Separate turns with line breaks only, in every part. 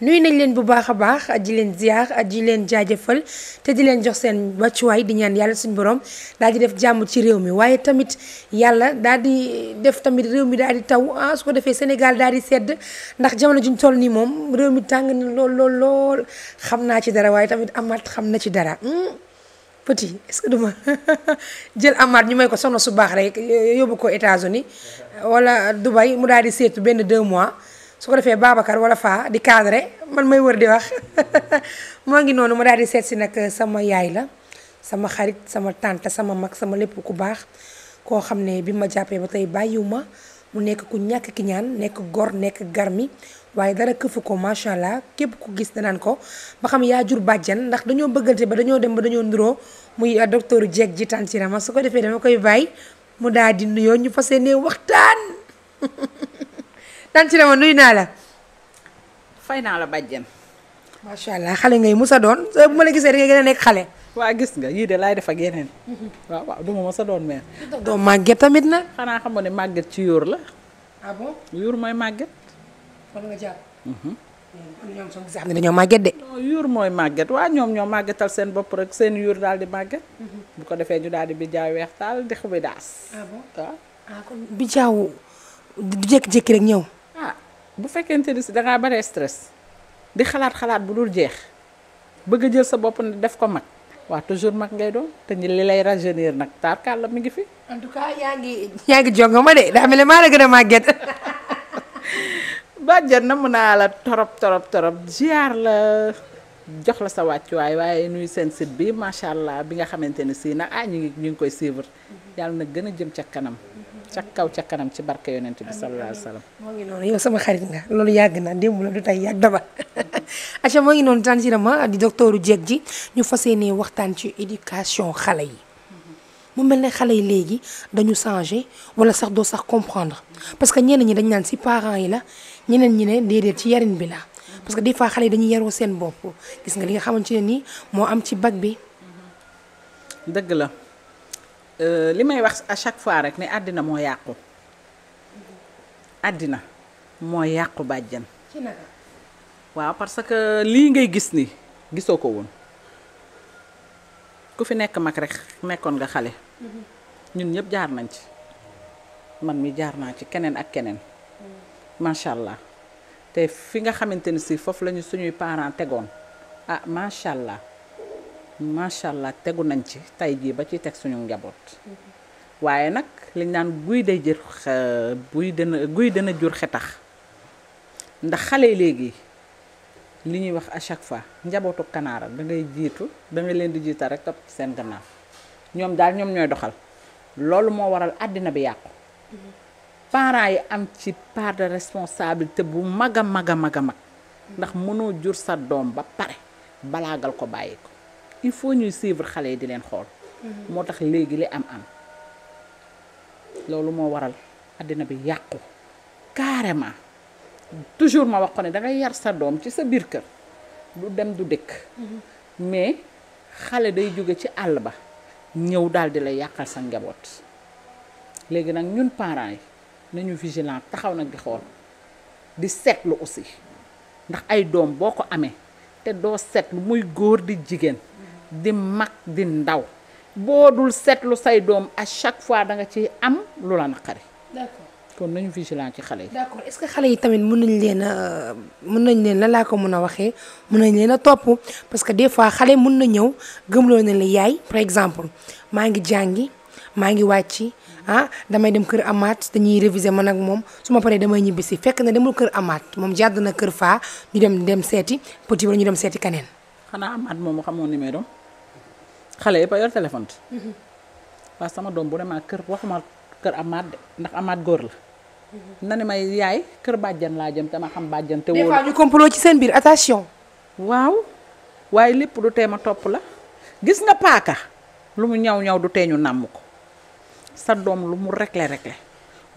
nuy nañ leen bu baax a baax di leen ziar di leen jaajëfal te di leen jox seen wàccuwaay di ñaan yàlla suñu borom daal di def jàmm ci réew mi waaye tamit yàlla daal di def tamit réew mi daal di taw ah su ko defee Sénégal daal di sedd ndax jamono juñ toll nii moom réew mi tàng na lool lool lool xam naa ci dara waaye tamit amaat xam na ci dara. Hmm? petit est-ce que duma jël amaat ñu may ko soxna su baax rek yóbbu ko États-Unis wala Dubaï mu daal di seetu benn deux mois. su ko defee Babacar wala Faa di cadré man may wër di wax moo ngi noonu ma daal di seet si nag eh, sama yaay la sama xarit sama tante sama mag sama lépp ku baax koo xam ne bi ma jàppee ba tey bàyyiwu ma mu nekk ku ñàkk ki ñaan nekk gor nekk garmi waaye dara këfu ko macha allah képp ku gis naan ko ba xam yaa jur bàjjan ndax dañoo bëggante ba dañoo dem ba dañoo niroo muy eh, docteur Dieg ji ma su ko defee dama koy bàyyi mu daal di nuyoo ñu fas yéenee waxtaan. tànn ci ne ma nuyu naa la.
fay naa la bàjjen. macha
allah xale ngay musa doon soo bu ma la gisee da nga gën nekk xale. waa gis nga
yii de laay def ak yeneen. waaw waaw du ma mos a doon mère. doo màgget tamit na. xanaa xam nga ne màgget ci yóor la. ah bon yóor mooy màgget. nga jàpp. Mhm. Mm-hmm. ñoom soo ne dañoo màgget de. mooy màgget waa ñoom ñoo màggetal seen bopp rek seen yóor daal di màgget. Mm-hmm. bu ko defee ñu daal di bijaaw weex taal di xubi daas. Ah
ah, du jékki-jékki rek ñëw.
bu fekkente ni si dangaa bare stress di xalaat xalaat bu dul jeex bëgg jël sa bopp ne def ko mag waa toujours mag ngay doon te ñi li lay rajeunir nag taarkaal
la mi ngi fi. en tout cas yaa ngi
yaa ngi de daa mel ne maa la gën a màgget. bàjjan na mën naa la torop torop torop giar la jox la sa wàccuwaay waaye nuy seen site bi macha allah bi nga xamante ne sii nag ah ñu ngi ñu ngi koy suivre mm-hmm. yàlla na gën a jëm ca kanam. ca kaw ca kanam ci barke yonent bi sallallahu alayhi wa sallam
moo ngi noonu yow sama xarit nga loolu yàgg na démb la du tey yàgg daba aca moo ngi noonu Tante Sirama di docteuru jeeg ji ñu fas yéenee waxtaan ci éducation xale yi mu mel ne xale yi léegi dañu changé wala sax doo sax comprendre parce que ñeneen ñi dañ naan si parent yi la ñeneen ñi ne déedéet ci yariñ bi la parce que des fois xale yi dañuy yaroo seen bopp gis nga li nga xamante ne nii moo am ci bag bi
dëgg la Euh, li may wax à chaque fois rek ni àddina moo yàqu àddina moo yàqu bàjjan waaw parce que lii ngay gis ni gisoo ko woon ku fi nekk mag rek nekkoon nga xale mm-hmm. ñun ñëpp jaar nañ ci man mi jaar naa ci keneen ak keneen mm. macha allah te fi nga xamante ni si foofu lañu suñuy parent tegoon ah macha allah macha allah tegu nañ ci tey jii ba ci teg suñu njaboot. waaye nag liñ naan guy day jër buy dana guy dana jur xetax ndax xale léegi li ñuy wax à chaque fois njabootu kanaara da ngay jiitu da leen di jiital rek seen gannaaw ñoom daal ñoom ñooy doxal loolu moo waral àddina bi yàqu. parents yi am ci part de te bu mag a mag a mag a mag. ndax mënoo jur sa doom ba pare balaagal ko bàyyi ko. il faut ñuy suivre xale yi di leen xool. Mhm. moo tax léegi li am am loolu moo waral àddina bi yàqu carrément toujours ma wax ko ne da yar sa doom ci sa biir kër du dem du dëkk mhm. mais xale day jóge ci àll ba ñëw daal di lay yàqal sa njaboot léegi nag ñun parents yi nañu vigilant taxaw nag di xool di seetlu aussi ndax ay doom boo ko amee te doo seetlu muy góor di jigéen di mag di ndaw boo dul seetlu say doom à chaque fois da ci am lu la naqari. d'accord kon nañu vigilant ci xale yi.
d'accord ce que xale yi tamit mun nañ leen a nañ leen la laa ko mën a waxee mun nañ leen a topp parce que des fois xale mun na ñëw gëmloo na la yaay par exemple maa ngi jàngi maa ngi wàcci ah damay dem kër amaat dañuy réviser ma nag moom su ma paree damay ñibbi si fekk na demul kër amaat moom jàdd na kër faa ñu dem dem seeti petit wala ñu dem seeti kaneen.
xanaa amaat moomu xamoo numéro. xale yëpp a yor téléphone. waa mhm. sama doom bu demaa kër waxuma kër amaat ndax amaat góor la.
Mhm. na ne may
yaay kër bàjjan laa jëm te ma xam bàjjan te
ci seen biir attention. waaw
waaye lépp du tee ma topp la gis nga paaka lu mu ñaw ñaw du tee ñu nàmm ko sa doom lu mu réglé réglé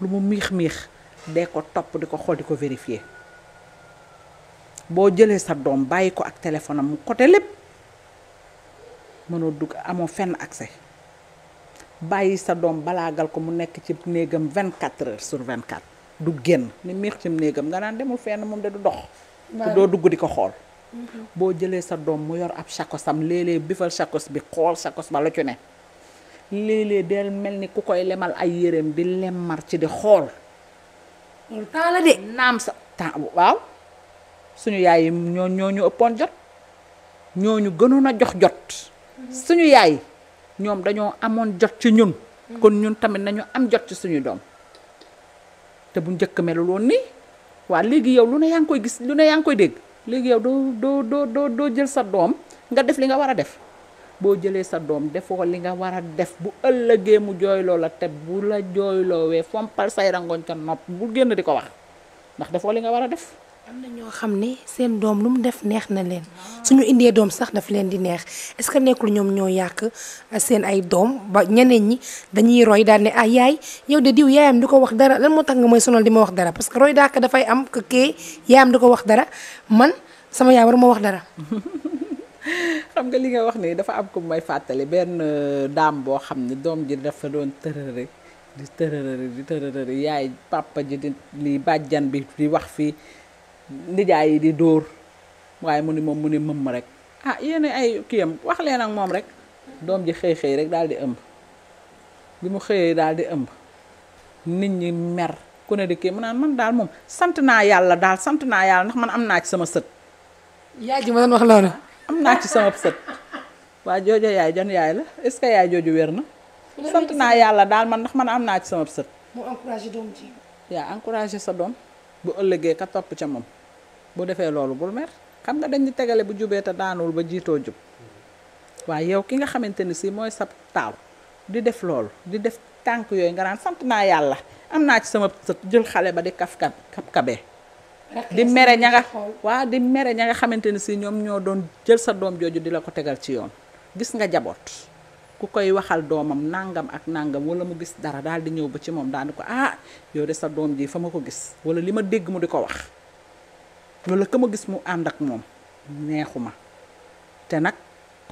lu mu miix miix de ko topp di ko xool di ko vérifier boo jëlee sa doom bàyyi ko ak téléphone am mu côté lépp. mënoo dugg amoo fenn accès bàyyi sa doom balaagal ko mu nekk ci néegam 24 heures sur 24 du génn ni miix ci néegam nga naan demul fenn moom de du dox. te doo dugg di ko xool. Mhm. boo jëlee sa doom mu yor ab sakosam léeg bifal sakos bi xool sakos ba la ne. léelée léeg mel ni ku koy lemal ay yéreem di lemmar ci di xool. temps la de. naam sa temps waaw. suñu yaay yi ñoo ñoo ëppoon jot. ñoo ñu gënoon a jox jot. suñu yaay ñoom dañoo amoon jot ci ñun. kon ñun tamit nañu am jot ci suñu doom te bu njëkk melul woon nii waa léegi yow lu ne yaa ngi koy gis lu ne yaa ngi koy dégg léegi yow doo doo doo doo jël sa doom nga def li nga war a def boo jëlee sa doom defoo li nga war a def bu ëllëgee mu jooyloo la te bu la jooyloowee fompal say rangoñ ca nopp bu génn di ko wax
ndax defoo li nga war a def. am na ñoo xam ne seen doom lu mu def neex na leen su ñu indee doom sax daf leen di neex est-ce que nekkul ñoom ñoo yàq euh, seen ay doom ba ñeneen ñi dañuy roy daal ne ah yaay yow de diw yaayam di ko wax dara lan moo tax nga may sonal wax dara parce que roy daaka dafay am que kee yaayam di ko wax dara man sama yaay war ma wax dara.
xam nga li nga wax nii dafa am ko may fàttali benn euh, daam boo xam ne doom ji dafa doon tërëre di tërëre di tërëre yaay papa ji di li bàjjan bi di wax fii. nijaay yi di dóor waaye mu ni moom mu ni mëmm rek ah yéen ay kiyam wax leen ak moom rek doom ji xëy xëy rek daal di ëmb bi mu xëyee daal di ëmb nit ñi mer ku ne di kii mu naan man daal moom sant naa yàlla daal sant naa yàlla ndax man am naa ci sama sët. yaay ji ma doon wax loolu. am naa ci sama waa joojo yaay jan yaay la est-ce que yaay jooju wér na. sant naa yàlla daal man ndax man am naa ci sama sët. mu encouragé yaa encouragé sa doom. bu ëllëgee ka topp ca moom bu defee loolu bul mer xam nga dañu tegale bu jubee te daanuwul ba jiitoo jub waaye yow ki nga xamante ni si mooy sa taaw di def loolu di def tànk yooyu nga naan sant naa yàlla am naa ci sama sa jël xale ba di kaf kab kab kabee di mere ña nga waa di mere ña nga xamante ni si ñoom ñoo doon jël sa doom jooju di la ko tegal ci yoon gis nga jaboot ku koy waxal doomam nangam ak nangam wala mu gis dara daal di ñëw ba ci moom daal ko ah yow sa doom ji fa ma ko gis wala li ma dégg mu di ko wax wala ka gis mu ànd ak moom neexu ma te nag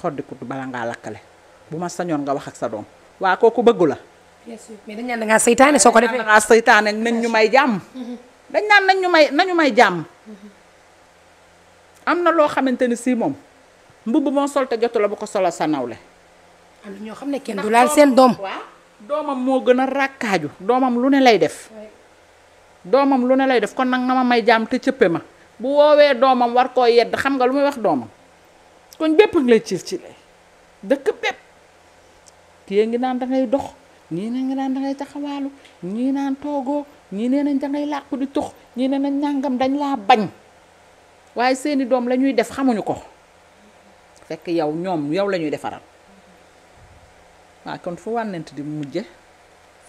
xoddikut bala ngaa lakkale bu ma sañoon wax ak sa doom waa kooku bëggu
la. bien sûr da ngaa saytaane soo ko defee da
saytaane nañ ñu may jàmm. Mm-hmm. dañ naan nañ ñu may nañu may jàmm.
Mm-hmm.
am na loo xamante ni si moom mbubb moo sol te jotu la bu ko solo sa nawle.
am ñoo xam ne kenn du laal seen doom
doomam moo gën a ràkkaaju doomam lu ne lay def doomam lu ne lay def kon nag na ma may jaam te cëppe ma bu woowee doomam war koo yedd xam nga lu may wax doomam kon bépp ngi lay ciir ci dëkk bépp kii ngi naan dangay dox ñii ne ngi naan dangay taxawaalu ñii naan toogoo ñii ne nañ dangay làqu di tux ñii ne nañ ñàngam dañ laa bañ waaye seeni doom lañuy def xamuñu ko fekk yow ñoom yow la ñuy defaral waa ah, kon fu wànnent di mu mujje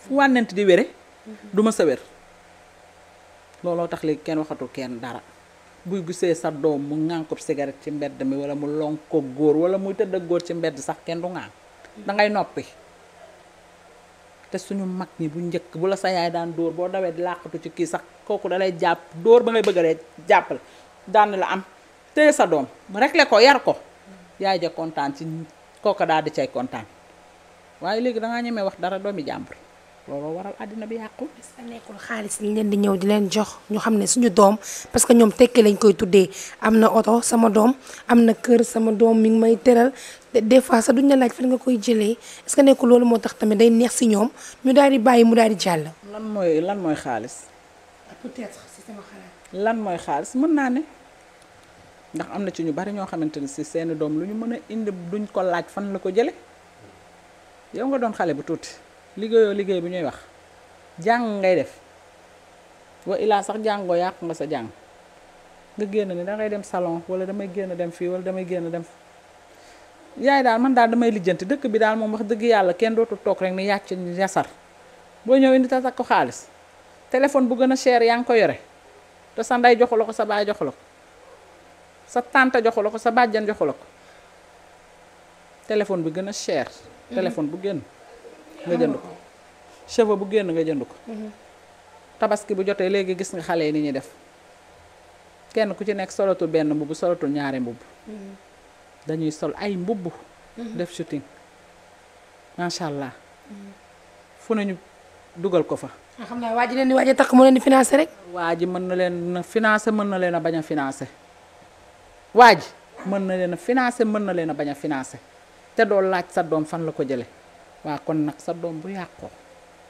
fu wànnent di wére mhm. duma ma sa wér looloo tax léegi kenn waxatu kenn dara buy gusee sa doom mu ŋànkob cigarette ci mbedd mi wala mu lon ko góor wala muy tëdd ak góor ci mbedd sax kenn du ŋaan mhm. dangay noppi te suñu mag ñi bu njëkk bu sa yaay daan dóor boo dawee di làqatu ci kii sax kooku dalay jàpp dóor ba ngay bëgg a jàppale daan la am téye sa doom rekle ko yar ko mhm. yaay ja kontaan ci kooka daal di cay kontaan waaye léegi dangaa ñemee wax dara doomi jàmbur
looloo waral àddina bi yàqu. sa nekkul xaalis liñ leen di ñëw di leen jox ñu xam ne suñu doom parce que ñoom tekki lañ koy tuddee am na oto sama doom am na kër sama doom mi ngi may teral te des fois sax duñ la laaj fan koy jëlee est-ce nekkul loolu moo tax tamit day neex si ñoom ñu daal di bàyyi mu daal di jàll.
lan mooy lan mooy xaalis. Ah, peut mooy xaalis mën naa ne ndax am na ci ñu bari ñoo xamante ni si seeni doom lu ñu mën a indi duñ ko laaj fan la ko jëlee. yow nga doon xale bu tuuti liggéeyoo liggéey bu ñuy wax jàng ngay def wa ilaa sax jàngoo yàq nga sa jàng nga génn ni da ngay dem salon wala damay génn dem fii wala damay génn dem yaay daal man daal damay lijjanti dëkk bi daal moom wax dëgg yàlla kenn dootul toog rek ni yàcc yasar boo ñëw indi tatak ko xaalis téléphone bu gën a cher yaa ngi ko yore te sa ndey joxu ko sa baay joxu ko sa tante joxu la ko sa bàjjan joxu ko téléphone bi gën a cher téléphone bu génn nga ah. jënd ko cheveux bu génn nga jënd ko mhm. tabaski bu jotee léegi gis nga xale yi ni ñuy def kenn ku ci nekk solatul benn mbubb solatul ñaari mbubb mhm. dañuy sol ay mbubb mhm. def shooting macha allah fu nañu dugal ko fa
ah, xam naa waa ji leen di waaj a takk mu leen ni financé rek waa ji mën na
leen a mën na leen a bañ a financé waa ji mën na leen a financé mën na leen a bañ a financé te doo laaj sa doom fan la ko jële waa kon nag sa doom bu yàqoo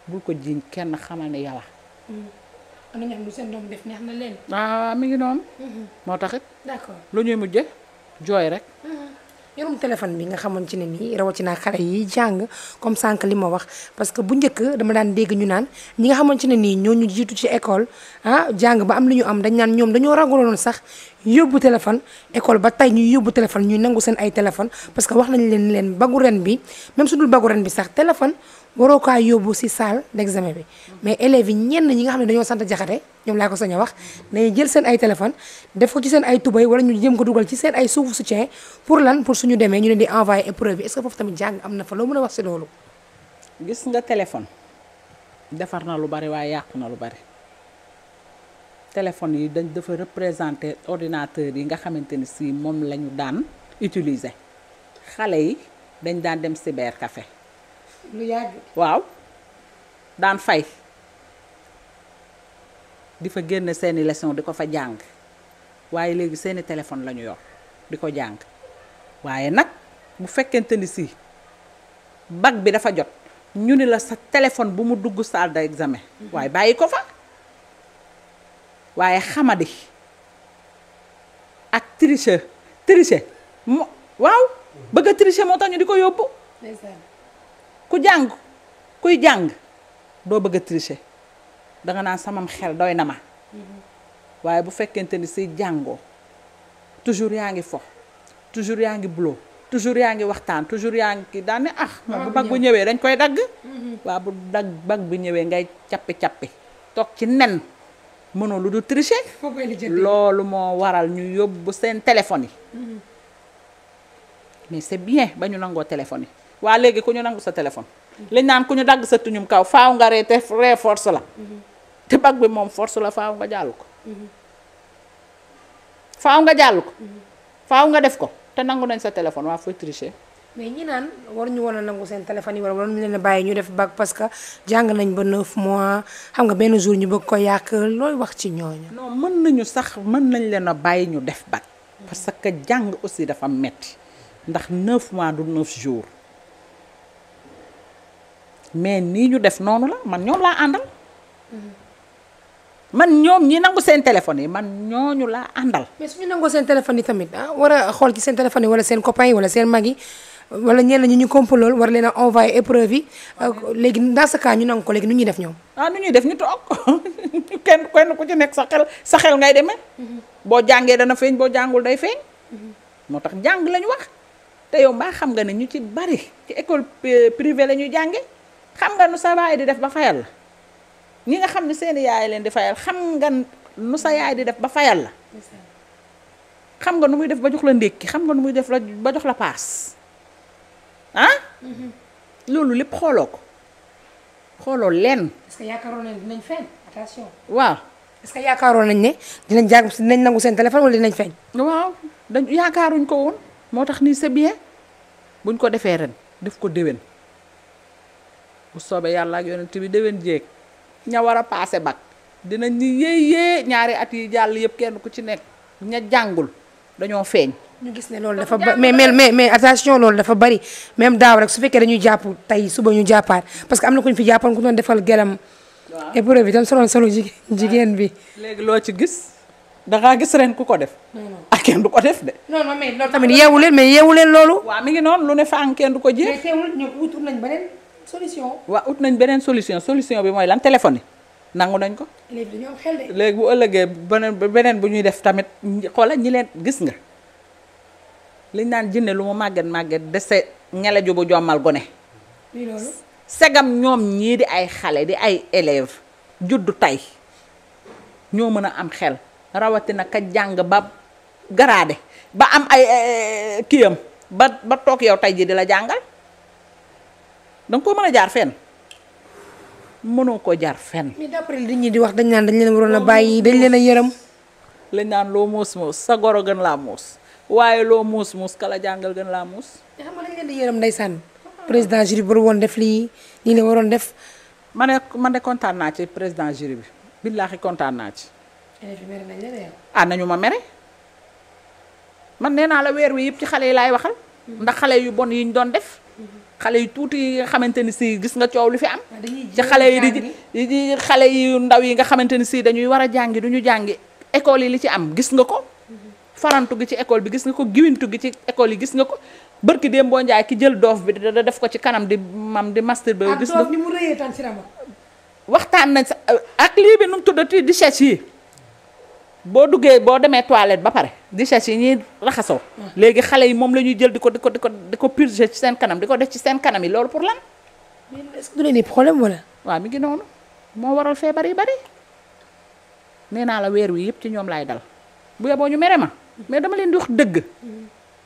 bu ko jiiñ kenn xamal ne yàlla.
Mm-hmm. am neex na leen. waaw ah, mi ngi noonu. Mm-hmm. moo tax it. d'accord
lu ñuy mujje jooy rek.
Mm-hmm. yorum téléphone bi nga xamoon ci ne nii rawatina xale yi jàng comme sànq li ma wax parce que bu njëkk dama daan dégg ñu naan ñi nga xamoon ci ne nii ñoo ñu jiitu ci école ah jàng ba am li ñu am dañ naan ñoom dañoo ragaloon sax yóbbu téléphone école ba tey ñuy yóbbu téléphone ñuy nangu seen ay téléphone parce que wax nañ leen leen bagu ren bi même su dul bagu ren bi sax téléphone waroo kaa yóbbu si saal d'examen bi mais élèves yi ñenn ñi nga xam ne dañoo sant jaxate ñoom laa ko sañ a wax dañuy jël seen ay téléphone def ko ci seen ay tubay wala ñu jëm ko dugal ci seen ay suuf su soutien pour lan pour suñu demee ñu leen di envoyé épreuve yi est-ce que foofu tamit jàng am na fa loo mën a nga téléphone defar na lu bari waaye
yàqu na lu bari. téléphone yi dañ dafa représenter ordinateur yi nga xamante ni sii moom lañu daan utilise xale yi dañ daan dem cyber kafe lu waaw daan fay di fa génn seeni leson di ko fa jàng waaye léegi seeni téléphone la ñu yor di ko jàng waaye nag bu fekkente ni si bac bi dafa jot ñu ni la sa téléphone bu mu dugg salle d'examen mm-hmm. waaye bàyyi ko fa waaye xamadi ak tricher tricher mo waaw bëgg a tricher moo tax ñu di ko yóbbu ku jàng kuy jàng doo bëgg a tricher danga naan samam xel doy na ma mhm. waaye bu fekkente ni si jàngoo toujours yaa ngi fo toujours yaa ngi buloo toujours yaa ngi waxtaan toujours yaa ngi kii daane ah moom bu bag bu ñëwee dañ koy dagg mhm. waa bu dagg bag bu ñëwee ngay cappi-cappi toog ci nen mënoo lu du tricher. loolu moo waral ñu yóbbu seen téléphone yi. mais c'est bien ba ñu nangoo téléphone yi waa léegi ku ñu nangu sa téléphone. liñ naan ku ñu dagg sa tuñum kaw faaw nga ree te ree force la. te bag bi moom force la faaw nga jàll ko. faaw nga jàll ko. faaw nga def ko te nangu nañ sa
téléphone waa fooy tricher. mais ñi naan war ñu woon a nangu seen téléphone yi wala waroon ñu a bàyyi ñu def bac parce que jàng nañ ba 9 mois xam nga benn jour ñu bëgg ko yàq looy wax ci ñooñu. non
mën nañu sax mën nañ leen a bàyyi ñu def bac. parce que jàng aussi dafa metti ndax 9 mois du 9 jours mais nii ñu def noonu la man ñoom laa àndal. man ñoom ñi nangu seen
téléphone yi man
ñooñu laa àndal.
mais suñu nangoo seen téléphone yi tamit ah war a xool ci seen téléphone yi wala seen copain yi wala seen mag yi. wala ñenn ñi ñu compalool war leen a envoyé épreuve yi euh, léegi dans ce cas ñu nangu ko léegi nu ñuy def ñoom.
ah nu ñuy def ñu toog kenn kenn ku ci nekk sa xel sa xel ngay demee. Mm-hmm. boo jàngee dana feeñ boo jàngul day feeñ. Mm-hmm. moo tax jàng lañu wax te yow mbaa xam nga ne ñu ci bari ci école euh, privée la ñuy jànge xam nga nu sa baay di def ba fayal la ñi nga xam ne seen yaay leen di xam nga nu sa yaay di def ba fayal la. xam nga nu muy def ba jox la ndékki xam nga nu muy def la ba jox la paas ah. Mm-hmm. loolu lépp xooloo ko
xooloo lenn. est-ce dinañ feeñ waaw est yaakaaroon nañ ne dinañ jàng dinañ nangu seen téléphone wala dinañ feeñ. waaw dañ yaakaaruñ ko woon moo tax ni c'est bien
buñ ko defee ren def ko déwén bu soobee yàlla ak yonent bi déwén jéeg ña war a paase bac dinañ ñu yéeyee ñaari at yi jàll yëpp kenn ku ci nekk ña jàngul dañoo feeñ. ñu gis ne loolu dafa ba mais mais
mais attention loolu dafa bari même daaw rek su fekkee dañuy jàpp tey suba ñu jàppaat parce que am na ku ñu fi jàppoon ku doon defal gelam. waaw épreuve bi tam soloon solo jigéen bi.
léegi loo ci gis da gis ren ku ko def.
ak ah, du ko def de. non non mais tamit yeewu leen mais yeewu leen loolu. waa
mi ngi noonu lu ne fa am kenn du ko jéem. mais
teewul ñoom ut nañ beneen solution. waaw ut
nañ beneen solution solution bi mooy lan téléphone yi nangu nañ ko.
léegi dañoo xel léegi
bu ëllëgee beneen beneen bu ñuy def tamit xoolal ñi leen gis nga liñ naan jinne lu mu màgget màgget dese ngeleju bu jommal gone segam ñoom ñii di ay xale di ay élèves juddu tey ñoo mën a am xel rawatina ka jàng ba garaade ba am ay eh, eh, kiyam ba ba toog yow tey ji di la jàngal danga koo mën a jaar fenn mënoo koo jaar fenn.
mais d'après li ñi di wax dañ naan dañ leen waroon a bàyyi dañ leen a yërëm.
lañ naan loo muus muus sa goro gën laa muus. waaye loo muus muus kala jàngal gën laa
muus. te xam nga lañ leen di yërëm ndeysaan président jury bu woon def lii lii la waroon def.
ma ne man de kontaan naa ci président jury bi billaahi kontaan naa ci. ah nañu ma mere. man nee naa la weer wi yëpp ci xale yi laay waxal. ndax xale yu bon yi ñu doon def. xale yu tuuti yi nga xamante ni si gis nga coow li fi am.
Ah, ci xale yi
di di xale yi ndaw yi nga xamante ni si dañuy war a jàngi du ñu jàngi école yi li ci am gis nga ko. farantu gi ci école bi gis nga ko giwintu gi ci école yi gis nga ko bërki déem boo njaay ki jël doof bi di da def ko ci kanam di mam di master ba gis nga ni mu rëyee tan si waxtaan nañ sa euh, ak lii bi nu mu tuddati di sèche yi boo duggee boo demee toilette ba pare di sèche yi ñuy raxasoo ah. léegi xale yi moom la ñuy jël di ko di ko di ko di ko purger ci seen kanam di ko def ci seen kanam yi loolu pour lan est-ce que du leen mi ngi noonu moo waral feebar yi bari nee naa la weer wi yëpp ci ñoom laay dal bu yeboo ñu ma mais dama leen di wax dëgg.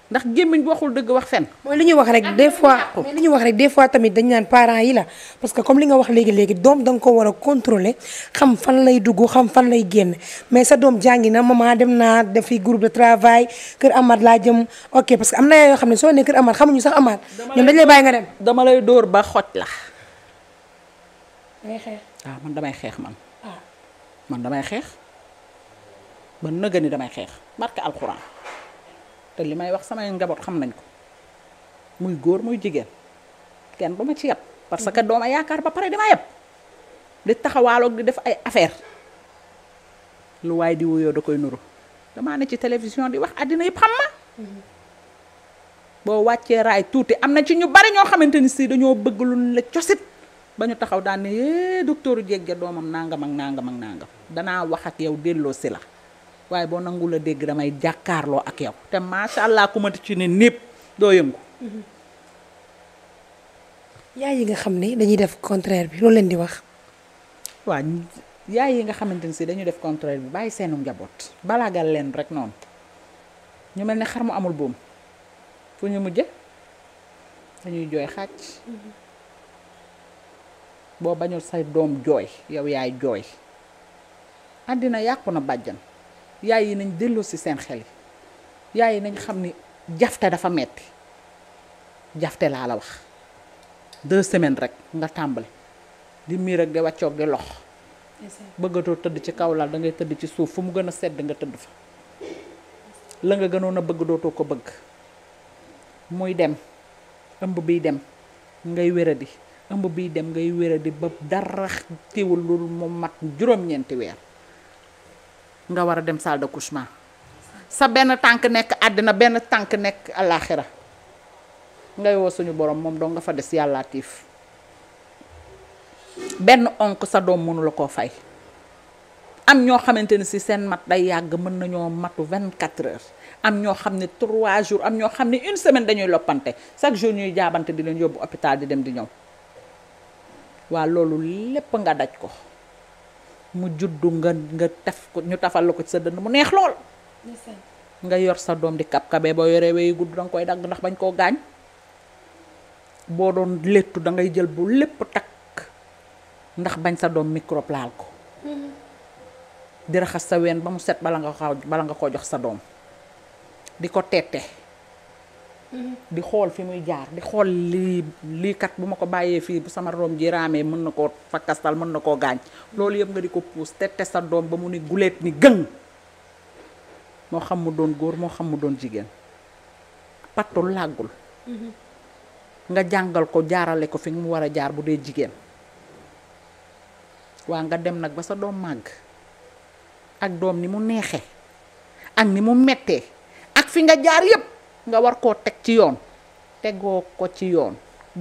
ndax gémmiñ bu waxul dëgg wax fen
mooy li ñuy wax rek des fois li ñuy wax rek des fois tamit dañ naan parents yi la parce que comme li nga wax léegi léegi doom da nga ko war a contrôler xam fan lay dugg xam fan lay génn mais sa doom jàngi na maman dem naa defi groupe de travail kër Amar laa jëm ok parce que am na yoo xam ne soo nee kër Amar xamuñu sax Amar ñoom dañ lay bàyyi nga dem
dama lay dóor ba xoj la damay xeex waaw man damay xeex man ah. man damay xeex ba nëga ni damay xeex barke alxuraan te li may wax samay njaboot xam nañ ko muy góor muy jigéen kenn bu ma ci yab parce que dooma yaakaar ba pare dama yab di taxawaaloog di def ay affaire lu waay di wuyoo da koy nuru damaa ne ci télévision di wax àddina yëpp xam ma boo wàccee raay tuuti am na ci ñu bari ñoo xamante ni si dañoo bëgg lu la cosit ba ñu taxaw daan ne docteur Dieg doomam nangam ak nangam ak nangam danaa wax ak yow delloo si la. waaye boo nangu la dégg damay jàkkaarloo ak yow te macha allah ku ma ci ne népp doo yëngu.
yaay yi nga xam ni dañuy def contraire bi loolu leen di wax.
waaw yaay yi nga xamante ne si dañuy def contraire bi bàyyi seenu njaboot balaagal leen rek noonu ñu mel ni xar mu amul buum fu ñu mujje dañuy jooy xàcc. boo bañul say doom jooy yow yaay jooy. àddina yàqu na bàjjan. yaay yi nañ delloo si seen xel yi yaay yi nañ xam ni jafte dafa metti jafte laa la wax deux semaines rek nga tàmbali di miir ak di wàccoog di lox bëggatoo tëdd ci kaw lal da ngay tëdd ci suuf fu mu gën a sedd nga tëdd fa la nga gënoon a bëgg dootoo ko bëgg muy dem ëmb biy dem ngay wéradi ëmb biy dem ngay wéradi ba dara teewul loolu mu mat juróom-ñeenti weer nga war a dem salle d'accouchement sa benn tànk nekk àddina benn tànk nekk àllaaxira ngay woo suñu borom moom doo nga fa des yàlla tiif benn onk sa doom mënula koo fay am ñoo xamante ni si seen mat day yàgg mën nañoo matu 24 heures am ñoo xam ne 3 jours am ñoo xam ne une semaine dañuy loppante chaque jour ñuy jaabante di leen yóbbu hôpital di dem di ñëw waa loolu lépp nga daj ko mu juddu nga nga taf ko ñu tafal la ko ci sa dënd mu neex lool. nga yor sa doom di kap kabe boo yoree weyu gudd danga koy dagg ndax bañ koo gaañ. boo doon léttu da ngay jël bu lépp takk ndax bañ sa doom microbe laal ko. Mm-hmm. di raxas sa ween ba mu set bala nga nga koo jox sa doom. di ko teete. di xool fi muy jaar di xool lii lii kat bu ma ko bàyyee fii bu sama doom ji raamee mën na koo fakkastal mën na koo gaañ loolu yëpp nga di ko puus te te sa doom ba mu ne guleet ni gën moo xam mu doon góor moo xam mu doon jigéen pattul làggul nga jàngal ko jaarale ko fi mu war a jaar bu dee jigéen waa nga dem nag ba sa doom màgg ak doom ni mu neexee ak ni mu mettee ak fi nga jaar yépp nga war koo teg ci yoon tegoo ko ci yoon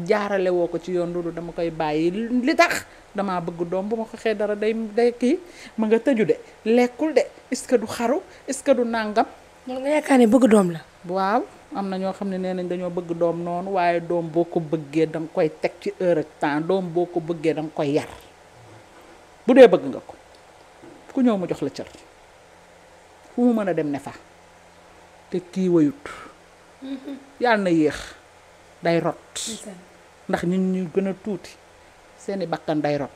jaarale woo ko ci yoon loolu dama koy bàyyi li tax damaa bëgg doom bu ma ko xee dara day day kii ma nga tëju de lekkul de est du xaru est-ce que du nàngam loolu nga bëgg doom la waaw am na ñoo xam ne nee nañ dañoo bëgg doom noonu waaye doom boo ko bëggee danga koy teg ci heure temps doom boo ko bëggee danga koy yar bu dee bëgg nga ko ku ñëw mu jox la cër fu mu mën a dem ne fa te kii wayut yàlla na yéex day rot ndax ñun ñu gën a tuuti seeni bakkan day rot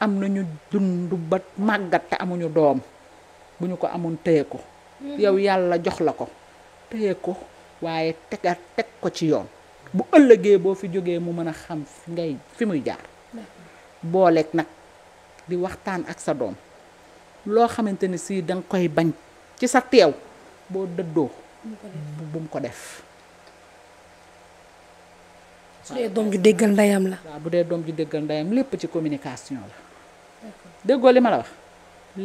am nañu dund ba màggat te amuñu doom bu ñu ko amoon téye ko mm-hmm. yow yàlla jox la ko téye ko waaye tegaat teg ko ci yoon bu ëllëgee boo fi jógee mu mën a xam ngay fi muy jaar booleeg nag di waxtaan ak sa doom loo xamante ni si danga koy bañ ci sa teew boo dëddoo bu mu ko def.
su dee doom ju déggal ndeyam la. waaw
bu dee doom ju déggal ndeyam lépp ci communication la. déggoo li ma la wax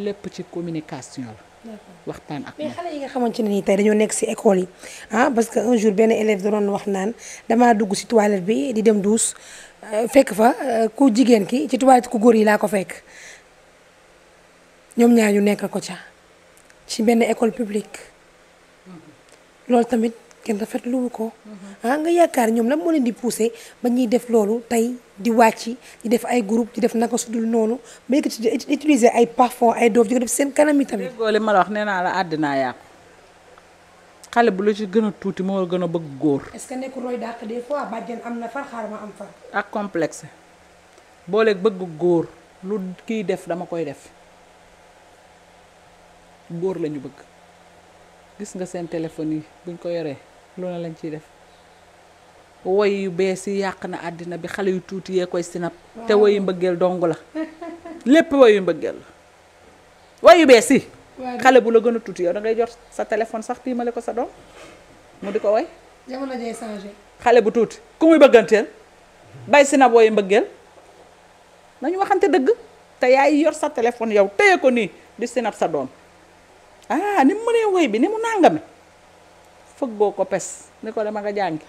lépp ci communication la. waxtaan ak
mais xale yi nga xamante ne nii tey dañoo nekk si école yi ah parce que un jour benn élève da wax naan damaa dugg si toilette bi di dem douche euh, fekk fa euh, ku jigéen ki ci toilette ku góor yi laa ko fekk ñoom ñaar ñu nekk ko ca ci benn école publique. loolu tamit kenn rafetlu luwu ko. ah nga yaakaar ñoom lan moo leen di poussé ba ñuy def loolu tey di wàcc di def ay group di def naka sudul noonu ba yëkkati di utiliser ay parfum ay doof di ko def seen kanam yi tamit.
déggoo ma la wax nee naa la àddinaa yàqu xale bu gën a tuuti moo gën a bëgg góor.
est-ce que dàq des fois bàjjen am na far xaar am far.
ak complexe booleeg bëgg góor lu def dama koy def góor la bëgg. gis nga seen téléphone yi buñ ko yoree loolu lañ ciy def woy yu bees yi yàq na àddina bi xale yu tuuti yee koy sinap te woyu mbëggeel dong la lépp woyu mbëggeel la woyu bees yi xale bu la gën a tuuti yow da ngay jot sa téléphone sax tiimale ko sa doom mu di ko woy xale bu tuuti ku muy bëgganteel bay sinap woyu mbëggeel nañu waxante dëgg te yaay yor sa téléphone yow téye ko nii di sinap sa doom ah ni mu mënee woy bi ni mu nàngame fëggoo ko pes ni ko dama nga jàngi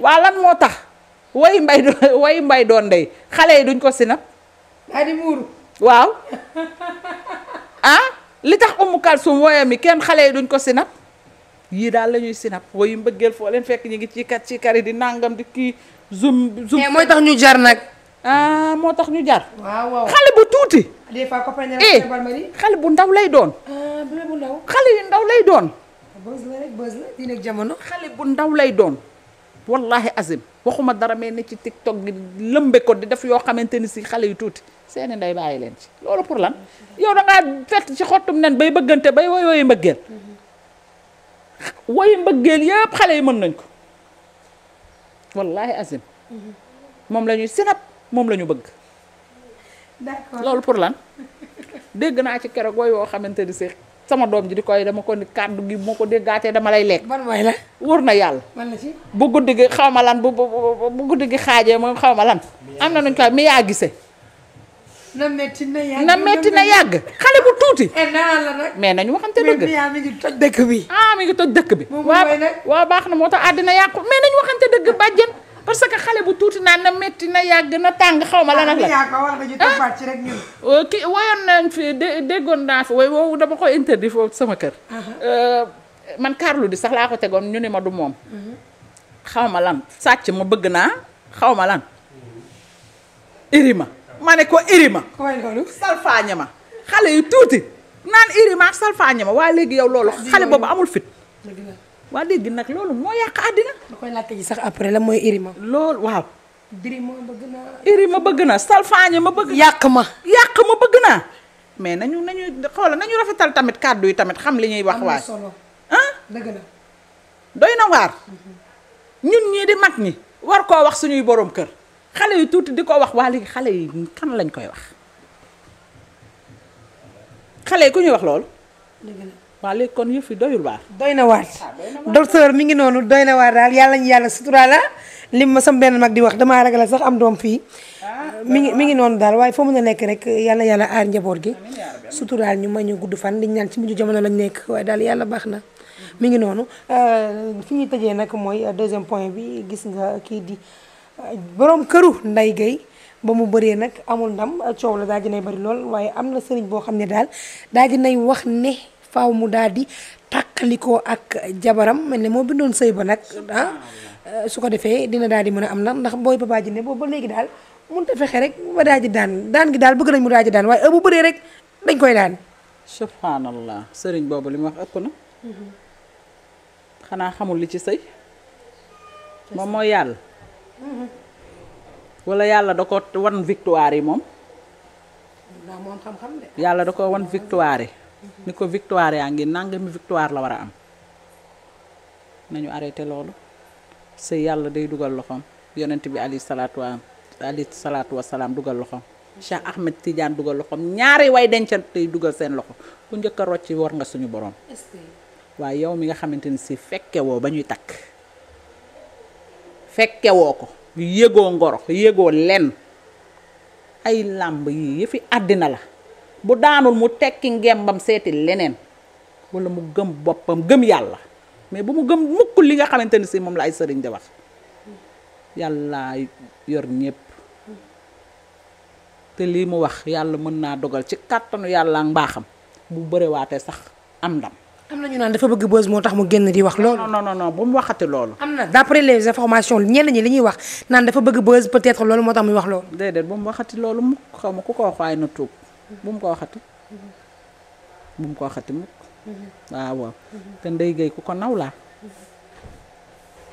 waa lan moo tax woy mbay do woy mbay doon dey xale yi duñ ko sinap daa di muuru waaw ah li tax Umu Kalsum woyam yi kenn xale yi duñ ko sinap yii daal la ñuy sinap woyu mbëggeel foo leen fekk ñi ngi ci kat ci kari di nàngam di kii zoom zoom mooy tax ñu jar nag ah moo tax ñu jar. waaw waaw xale bu tuuti. des fois eh, xale bu ndaw lay doon.
Ah, bu ndaw.
xale yi ndaw lay doon. jamono. xale bu ndaw lay doon. wallahi azim waxuma dara mais ne ci tiktok gi lëmbe ko di def yoo xamante ni si xale yu tuuti seeni nday bàyyi leen ci loolu pour lan yow da ngaa fett ci xottum nen bay bëggante bay woy woyu mbëggeel woyu mbëggeel yëpp xale yi mën nañ ko wallahi azim mhm. moom la ñuy sinap moom la ñu bëgg. d'accord loolu pour lan dégg naa ci keroog wooy woo xamante ni si sama doom ji di koy dama ko ni kàddu gi moo ko déggaatee dama lay lekk. ban mooy la wóor na yàlla. bu guddi gi xaw ma lan bu bu guddi gi xaajee moom xaw ma lan. am na nuñ koy mi yaa gisee.
na metti na yàgg na
xale bu tuuti. Eh, mais nañu waxante dëgg. ah mi ngi toj dëkk bi. waaw waaw baax na moo tax àddina yàqu mais nañu waxante dëgg bàjjen. parce que xale bu tuuti naan na metti na yàgg na tàng xaw ma lan ak la
ah
kii ah! woyoon nañ fi déggoon naa fi way woowu dama ko interdit foofu sama kër. Uh-huh. Euh, man Carlou D sax laa ko tegoon ñu ne ma du moom. Uh-huh. xaw ma lan sàcc ma bëgg naa xaw ma lan. irima ma ne ko irima. salfaañe ma xale yu tuuti naan irima ak salfaañe ma waaye léegi yow loolu xale boobu amul fit. waa dégg nag loolu moo yàq àddina. da koy laajte sax après la mooy irima. loolu waaw.
dirima bëgg naa.
irima bëgg naa salfaañe ma bëgg. yàq ma yàq ma bëgg naa. mais na nañu nañu xoola nañu rafetal tamit kàddu yi tamit xam li ñuy wax. waa solo ah. dëgg la. doy na waar. Mhm. war koo wax suñuy borom kër. xale yi tuuti di ko wax waa léegi xale yi kan lañ koy wax. xale yi ku ñuy wax
loolu. waaw léegi
kon yëf yi doyul waar. Ah,
doy na waar docteur mi ngi noonu doy na waar daal yàlla ñu yàlla suturaala ah. lim ma sam benn mag di wax damaa ragal sax am doom fii. Ah. mi ngi mi ngi noonu daal waaye foo mën a nekk rek yàlla yàlla aar njaboot gi. suturaal ñu ma ñu gudd fan liñ naan ci mujj jamono lañ nekk waaye daal yàlla baax na. mi ngi noonu euh, fi ñuy tëjee nag mooy euh, deuxième point bi gis nga kii di euh, boroom këru Ndeye Gueye ba mu bëree nag amul ndam coow la daa dinay bëri lool waaye am na sëriñ boo xam ne daal daa waaw mu daal di tàqalikoo ak jabaram mel ni moo bindoon sëy ba nag ah, su ko defee dina daal di mën a am nag ndax booy baa Djiné boobu ba léegi daal mënut a fexe rek ba daal di daan daan gi daal bëgg nañ mu daal di daan waaye bu bëree rek dañ koy daan.
subhanallah sëriñ boobu li mu wax ëpp na. Mhm. xanaa xamul li ci sëy moom mooy yàlla. Mhm. walla yàlla da ko wan victoire yi moom. yàlla da ko wan victoire ni ko victoire yaa ngi nangami victoire la war a am nañu arrêté loolu sëy yàlla day dugal loxoom yonent bi ali salaatu wa ali salaatu wasalaam dugal loxoom Cheikh Ahmed Tidiane dugal loxoom ñaari way dencan tey dugal seen loxo ku njëkk a rocci war nga suñu borom waaye yow mi nga xamante ni si fekke ba ñuy takk fekkewoo ko yëgoo ngoro yëgoo lenn ay làmb yii yëfi àddina la bu daanul mu tekki ngembam seeti leneen wala mu gëm boppam gëm yàlla mais bu mu gëm mukk li nga xamante ni si moom la ay sëriñ di wax yàlla yor ñépp te lii mu wax yàlla mën naa dogal ci kàttanu yàlla ak mbaaxam bu bëriwaatee sax am ndam.
am na ñu naan dafa bëgg bës moo tax mu génn di wax loolu. non non non bu mu waxati loolu. am na d'après les ñenn ñi li ñuy wax naan dafa bëgg bës peut-être loolu moo tax muy wax loolu. déedéet
bu mu waxati loolu mu xaw ma ku ko wax waaye na tuub. bu mu ko waxati bu mu ko waxati mukk mhm. ah, waaw waaw mhm. te ndey gay ku ko naw laa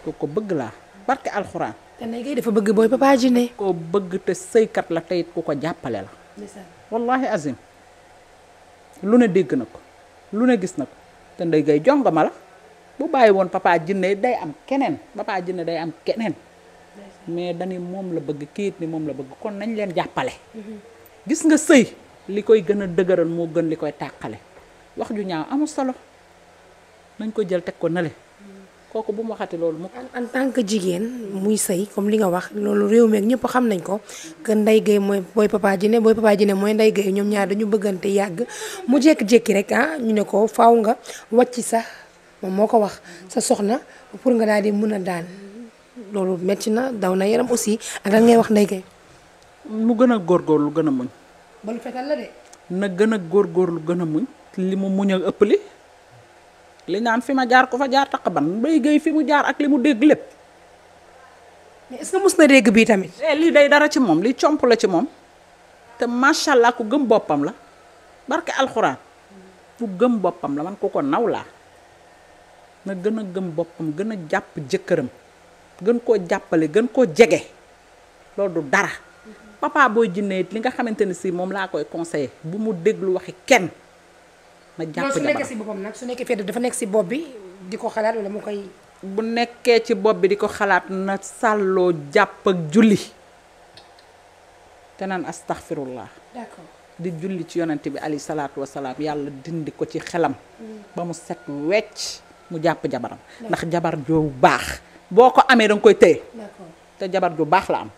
ku ko bëgg laa barke alxuraan
te ndey gay dafa bëgg booy
Papa Djiné koo bëgg te sëykat la teyit ku ko jàppale la wallahi azim lu ne dégg na ko lu ne gis na ko te ndey gay jonga ma la bu bàyyi woon Papa Djiné day am keneen Papa Djiné day am keneen mais dani moom la bëgg kayit ni moom la bëgg kon nañ leen jàppale mhm. gis nga sëy li koy gën a dëgëral moo gën li koy tàqale wax ju ñaaw amul solo nañ ko jël teg ko nale kooku bu mu waxati
loolu mu en tant que jigéen muy sëy comme li nga wax loolu réew meek ñëpp xam nañ ko que Ndeye Gueye mooy booy papa ji ne booy papa mooy Ndeye Gueye ñoom ñaar dañu bëggante yàgg mu jékki-jékki rek ah ñu ne ko faw nga wàcc sax moom moo ko wax sa soxna pour nga daal di mën a daan loolu metti na daw na yaram aussi ak lan ngay wax Ndeye Gueye
mu gën a lu gën a muñ
balu fetal la de.
na gën a lu gën a muñ li mu muñ a ëppali li naan fi ma jaar ko fa jaar taq ban bay géey fi mu jaar ak li mu dégg lépp. mais est na dégg bii tamit. Eh, lii day dara ci moom lii comp la ci moom te macha allah ku gëm boppam la barke alxuraan ku gëm boppam la man ku ko naw laa na gën a gëm boppam gën a jàpp jëkkëram gën koo jàppale gën koo jege loolu du dara. papa booy jinne it li nga xamante ne si moom laa koy conseillé bu mu déglu waxi kenn na jàpp su nekkee
nag su nekkee fedd dafa si bopp bi di ko xalaat wala mu koy bu nekkee
ci bopp bi di ko xalaat na sàlloo jàpp ak julli te naan astaxfirullah d'accord di julli ci yonent bi alayhi salaatu wasalaam yàlla dindi ko ci xelam mm. ba mu set wecc mu jàpp jabaram ndax jabar ju baax boo ko amee danga koy téye te jabar ju baax la am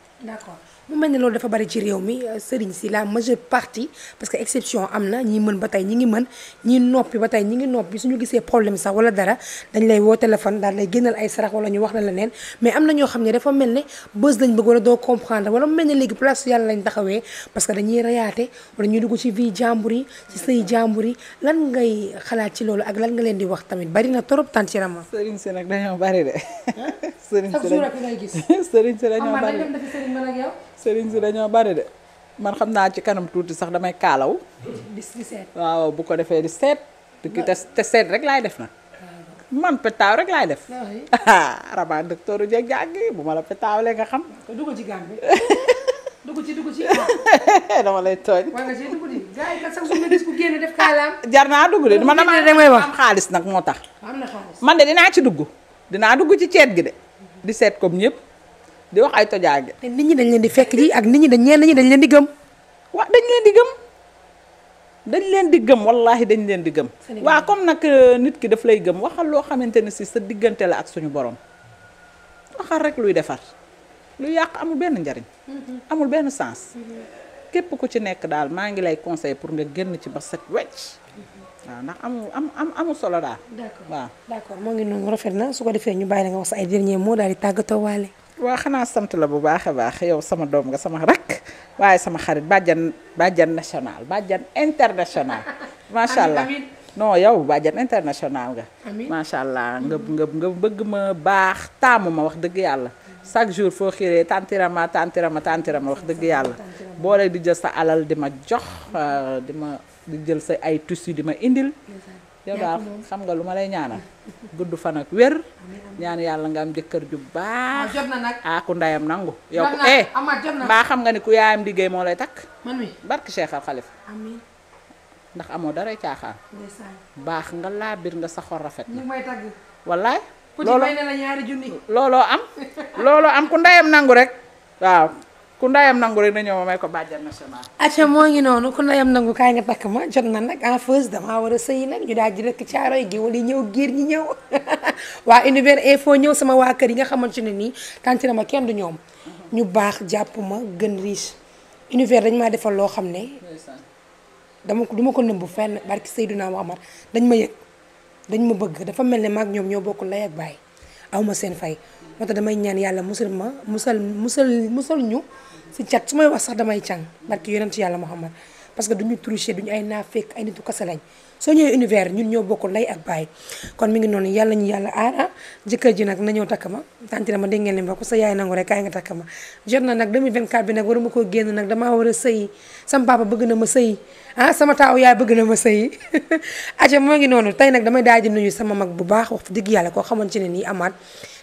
mu mel ne loolu dafa bari ci réew mi euh, sëriñ si la majeure partie parce que exception am na ñi mën ba tey ñi ngi mën ñi noppi ba tey ñi ngi noppi suñu gisee problème sax wala dara dañ lay woo téléphone daal lay génnal ay sarax wala ñu wax la leneen mais am na ñoo xam ne dafa mel ne bës lañ bëgg wala doo comprendre wala mu mel ne léegi place yàlla lañ taxawee parce que dañuy reyaate wala ñuy dugg ci vie jàmbur yi ci sëy jàmbur yi ak lan nga leen di wax tamit bari na trop tant ci rama
sëriñ si dañoo bari de man xam naa ci kanam tuuti sax damay kaalaw. bis waaw bu ko defee di seet. te seet rek laay def na man petaaw rek laay def. rabaan docteur Dieng jàngi bu ma la petaawalee nga xam. dugg ci gàmm bi
dugg ci dugg ci
dama lay tooñ. yi def jar naa dugg de man damaa am xaalis nag moo tax. am na xaalis man de dinaa ci dugg. dinaa dugg ci ceet gi de. di seet comme ñëpp. di wax ay tojaange. nit ñi dañ leen di fekk ji ak nit ñi dañ ñeen dañ leen di gëm. waaw dañ leen di gëm dañ leen di gëm wallaahi dañ leen di gëm. waa comme nag euh, nit ki daf lay gëm waxal loo xamante ne si sa diggante la ak suñu borom waxal rek luy defar lu yàq amul benn njariñ. Mm-hmm. amul benn sens.
Mm-hmm.
képp ku ci nekk daal maa ngi lay conseil pour nga génn ci ba set wecc. Mm-hmm.
waaw ndax amul am am amul solo daal. d'accord waaw d'accord moo ngi noonu rafet na su ko defee ñu bàyyi la nga wax sa ay dernier daal di tàggatoo waale.
waa xanaa sant la bu baax a baax yow sama doom nga sama rakk waaye sama xarit bàjjan bàjjan national bàjjan international macha allah non yow bàjjan international nga macha allah nga nga nga bëgg ma baax taamu ma wax dëgg yàlla chaque jour foo xiiree tantirama tantirama tantirama wax dëgg yàlla boo lay di jël sa alal di ma jox euh, di ma di jël sa ay tissu di ma indil yow xam nga lu ma lay ñaana gudd fa nag wér ñaan yàlla nga am jëkkër ju baax jot na nag ah ku ndayam nangu yow ko eh xam nga ni ku yaayam liggéey moo lay takk man mi barki Cheikh Al ndax amoo daray caaxaan baax nga laa biir nga sa xor rafet na may tagg wallaay
looloo
looloo am looloo am ku ndayam nangu rek waaw ku ndayam nangu rek dañoo ma may ko bàjjan national.
acca moo ngi noonu ku ndayam nangu kaay nga takk ma jot na nag en feuse damaa war a sëyi nag ñu daal di rek caaro yi géwal yi ñëw géer ñi ñëw waa univers info ñëw sama waa kër yi nga xamante ne nii kantina ma kenn du ñoom. ñu baax jàpp ma gën riche. univers dañ maa defal loo xam ne. dama ko du ma ko nëmb fenn barki Seydina Muhammad dañ ma yëg dañ ma bëgg dafa mel ne maag ñoom ñoo bokk lay ak baay aw ma seen fay. moo tax damay ñaan yàlla musal ma musal musal musal ñu si cat su may wax sax damay can càng barki yonent yàlla Muhammad parce que duñu tricher duñu ay naafeq ay nitu kase lañ soo ñëwee univers ñun ñoo bokk lay ak baay kon mi ngi noonu yàlla ñu yàlla aara ah. jëkkër ji nag na ñëw takk ma tanti dama dégg ngeen li ko sa yaay nangu rek kaay nga takk ma jot na nag 2024 bi nag waruma koo génn nag damaa war a sëyi sama papa bëgg na ma sëyi ah sama taaw yaay bëgg na ma sëyi aca moo ngi noonu tey nag damay daal di nuyu sama mag bu baax dëgg yàlla koo xamante ne nii amaat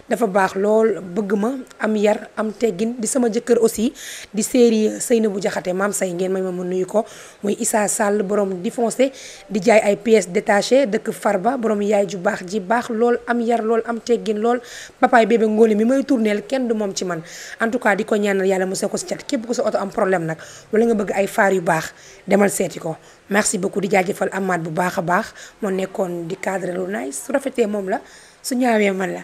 dafa baax lool bëgg ma am yar am teggin di sama jëkkër aussi di série Seynabou Diakhaté maam say ngeen may ma mu nuyu ko muy Issa Sall borom di foncé di jaay ay pièces détachées dëkk ba borom yaay ju baax ji baax lool am yar lool am teggin lool papaay bébé ngóole mi may tourneel kenn du moom ci man en tout cas di ko ñaanal yàlla mu see ko si cat képp ku sa oto am problème nag wala nga bëgg ay faar yu baax demal seeti ko merci beaucoup di jaajëfal amaat bu baax a baax moo nekkoon di cadre lu nice su rafetee moom la su ñaawee man la